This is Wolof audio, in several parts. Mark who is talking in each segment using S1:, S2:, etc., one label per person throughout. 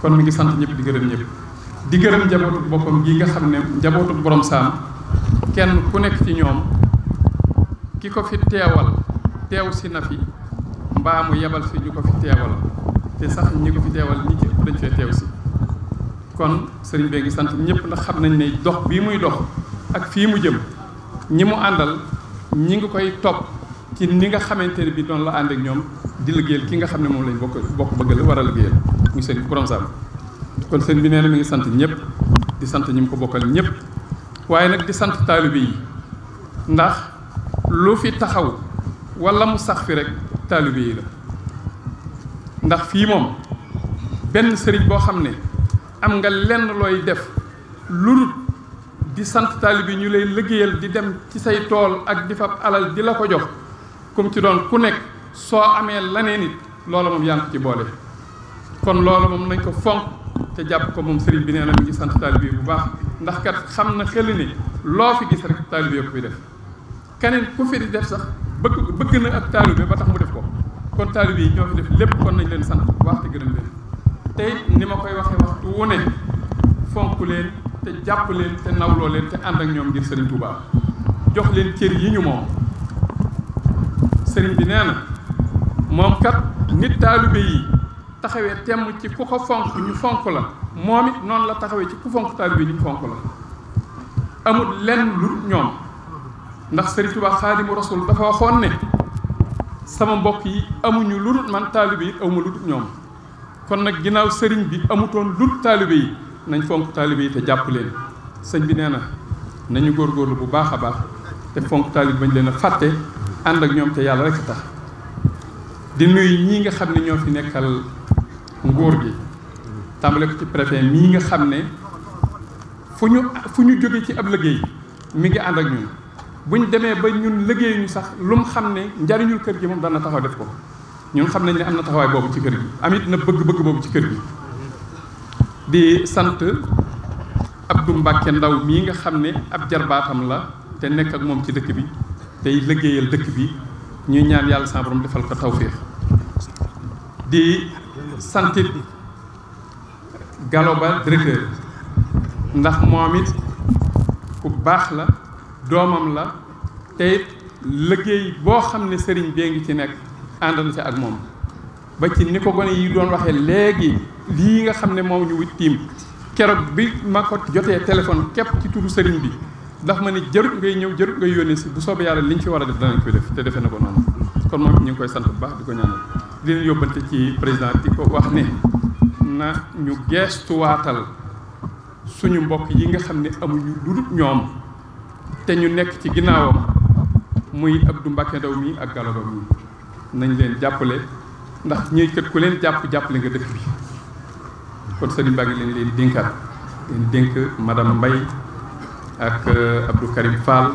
S1: kon mi ngi sant ñëpp di gërëm ñëpp di gërëm njabootu boppam gi nga xam ne njabootu borom saam kenn ku nekk ci ñoom ki ko fi teewal teew si na fi mbaa mu yebal fi ñu ko fi teewal te sax ñi ko fi teewal ñi ci ëpp dañ fee teew si kon sëriñ bee ngi sant ñëpp ndax xam nañ ne dox bii muy dox ak fii mu jëm ñi mu àndal ñi ngi koy topp ci ni nga xamante ne bi doon la ànd ñoom di liggéeyal ki nga xam ne moom lañ bokk bokk bëggale war a liggéeyal muy sëriñ Borom Sam kon sëriñ bi nee na mu ngi sant ñëpp di sant ñi mu ko bokkal ñëpp waaye nag di sant taalibe yi ndax lu fi taxaw walla mu sax fi rek taalibe yi la ndax fii moom benn sëriñ boo xam ne am nga lenn looy def lu di sant taalibe yi ñu lay liggéeyal di dem ci say tool ak di fab alal di la ko jox comme ci doon ku nekk soo amee laneen it loola moom yaa ngi ci boole kon loola moom nañ ko fonk te jàpp ko moom sëriñ bi nee na mi ngi sant taalibe bu baax ndax kat xam na xel ni loo fi gis rek taalibe ko fi def keneen ku fi di def sax bëgg bëgg na ak taalibe ba tax mu def ko kon taalibe yi ñoo fi def lépp kon nañ leen sant bu baax te gërëm leen tey ni ma koy waxee waxtu wu fonk leen te jàpp leen te nawloo leen te ànd ak ñoom ngir sëriñ Touba jox leen cër yi ñu moom kat nit taalibe yi taxawee temm ci ku ko fonk ñu fonk la moom it noonu la taxawee ci ku fonk taalibe yi ñu fonk la amul lenn lu ñoom ndax Sëriñ Tuubaa bu Rasuul dafa waxoon ne sama mbokk yi amuñu lu dul man taalibe yi awma lu ñoom kon nag ginnaaw sëriñ bi amutoon lu dul taalibe yi nañ fonk taalibe yi te jàpp leen sëñ bi nee na nañu góor góorlu bu baax a baax te fonk taalibe bañ leen a fàtte ànd ak ñoom te yàlla rek a tax di nuyu ñii nga xam ne ñoo fi nekkal nguur gi tàmbale ko ci préfet mii nga xam ne fu ñu fu ñu jóge ci ab liggéey mi ngi ànd ak ñun buñ demee ba ñun liggéeyuñu sax lu mu xam ne njariñul kër gi moom dana taxaw def ko ñun xam nañ ne am na taxawaay boobu ci kër gi amit na bëgg-bëgg boobu ci kër gi di sant Abdou Mbacke Ndaw mii nga xam ne ab jarbaatam la te nekk ak moom ci dëkk bi tey liggéeyal dëkk bi ñuy ñaan yàlla sa defal ko tawféex di santit Gallo Ba directeur ndax moom it bu baax la doomam la tey liggéey boo xam ne sëriñ bee ngi ci nekk ànd na ak moom ba ci ni ko gone yi doon waxee léegi lii nga xam ne moom ñu wut tiim keroog bi ma ko jotee téléphone képp ci turu sëriñ bi ndax ma ne jarut ngay ñëw jarut ngay yónnee si bu soobee yàlla liñ ci war a def danañ koy def te defe ne ko noonu kon moom ñu ngi koy sant bu baax di ko ñaanal di leen yóbbante ci président di ko wax ne na ñu geestuwaatal suñu mbokk yi nga xam ne amuñu lu ñoom te ñu nekk ci ginnaawam muy Abdou Mbacke Ndaw mi ak Gallo mi nañ leen jàppale ndax ñuy kët ku leen jàpp jàppale nga dëkk bi kon sëriñ baa ngi leen leen dénkaat leen dénk madame mbay ak euh, Abdou Karim Fall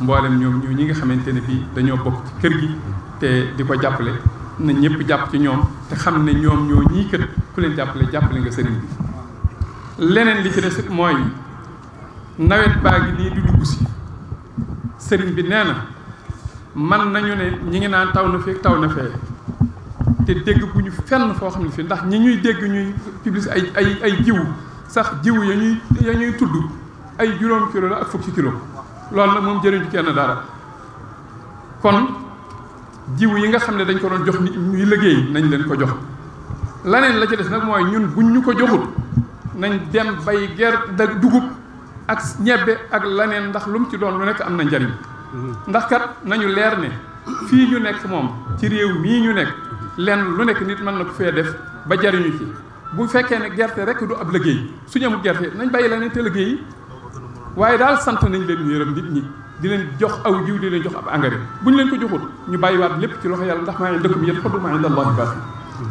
S1: mboolem ñoom ñoo ñi nga xamante ne bii dañoo bokk ci kër gi te di ko jàppale na ñëpp jàpp ci ñoom te xam ne ñoom ñoo ñii kët ku jàppale jàppale nga sëriñ bi leneen li ci des mooy nawet baa ngi nii di dugg si sëriñ bi nee na man nañu ne ñi ngi naan taw na fee taw na fee te dégg bu ñu fenn foo xam ne fii ndax ñi ñuy dégg ñuy publicité ay ay ay jiwu sax jiw ya ñuy ya ñuy tudd ay juróom kilo la ak fukki kilo loolu la moom jëriñu kenn dara kon jiw yi nga xam ne dañ ko doon jox nit ñuy liggéey nañ leen ko jox laneen la ci des nag mooy ñun buñ ñu ko joxul nañ dem bay ger da dugub ak ñebbe ak laneen ndax lu ci doon lu nekk am na njariñ ndax kat nañu leer ne fii ñu nekk moom ci réew mii ñu nekk lenn lu nekk nit mën na ko fee def ba jariñu ci bu fekkee ne gerte rekk du ab liggéey suñu amul gerte nañ bàyyi laneen te liggéey yi waaye daal sant nañ leen ñu nit ñi di leen jox aw jiw di leen jox ab engrais bu ñu leen ko joxul ñu bàyyiwaat lépp ci loxo yàlla ndax maa ngi dëkk bi yëpp xoddu maa ngi dallahi baas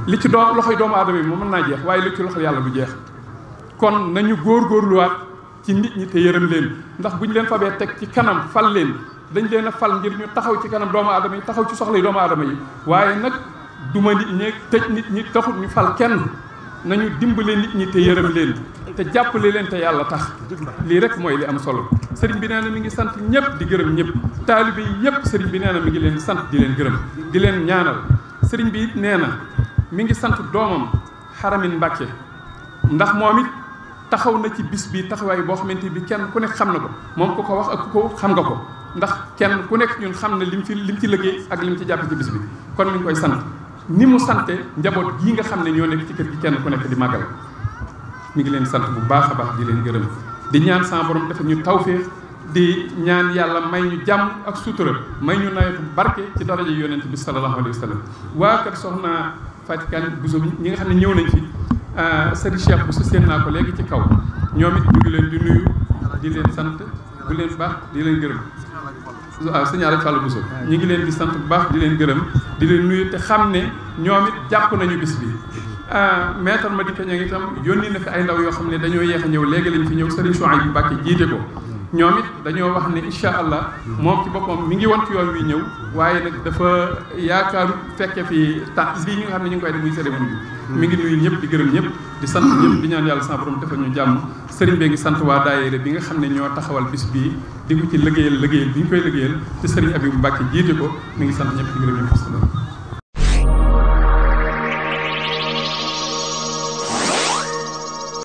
S1: li ci doo loxoy doomu aadama yi moom mën naa jeex waaye li ci loxo yàlla du jeex kon nañu góorgóorluwaat ci nit ñi te yërëm leen ndax bu ñu leen fabee teg ci kanam fal leen dañu leen a fal ngir ñu taxaw ci kanam doomu aadama yi taxaw ci soxla yi doomu aadama yi waaye nag duma nit ñeeg tëj nit ñi taxut ñu fal kenn nañu dimbale nit ñi te yërëm leen te jàppale leen te yàlla tax lii rek mooy li am solo sëriñ bi nee na mi ngi sant ñëpp di gërëm ñëpp taalibe yi yëpp sëriñ bi nee na mi ngi leen sant di leen gërëm di leen ñaanal sëriñ bi nee na mi ngi sant doomam xaramin Mbàkke ndax moom it taxaw na ci bis bi taxawaay boo xamante bi kenn ku nekk xam na ko moom ku ko wax ak ku ko xam nga ko ndax kenn ku nekk ñun xam na lim ci lim ci liggéey ak lim ci jàpp ci bis bi kon mi ngi koy sant ni mu sante njaboot gii nga xam ne ñoo nekk ci kër gi kenn ku nekk di màggal mi ngi leen sant bu baax a baax di leen gërëm di ñaan sa borom dafa ñu tawféex di ñaan yàlla may ñu jàmm ak sutura may ñu nawetu barke ci daraja yonent bi sallallahu alayhi wa sallam waa kat soxna Fatikan Bousso ñi nga xam ne ñëw nañ fi ah, sëriñ Cheikh Bousso seen naa ko léegi ci kaw ñoom it ñu ngi leen di nuyu di leen sant bu leen baax di leen gërëm waaw ah, sëñ Alaaji Fàllu Bousso ñu ngi leen di sant bu baax di leen gërëm di leen nuyu te xam ne ñoom it jàpp nañu bis bi Ah. maître Madické Niang ngi tam na fi ay ndaw yoo xam ne dañoo yéex a ñëw léegi lañ fi ñëw Serigne Souhaïbou bu Mbàkke jiite ko ñoom it dañoo wax ne incha allah moom ci boppam mi ngi woon ci yoon wi ñëw waaye nag dafa yaakaaru fekke fi ta sii ñu nga xam ne ñu ngi koy def muy cérémonie mi ngi nuyu ñëpp di gërëm ñëpp di sant ñëpp di ñaan yàlla sa borom defal ñu jàmm sëriñ bee ngi sant waa daayira bi nga xam ne ñoo taxawal bis bii di ko ci liggéeyal liggéeyal bi ñu koy liggéeyal te sëriñ Abibou Mbacke jiite ko mi ngi sant ñëpp di gërëm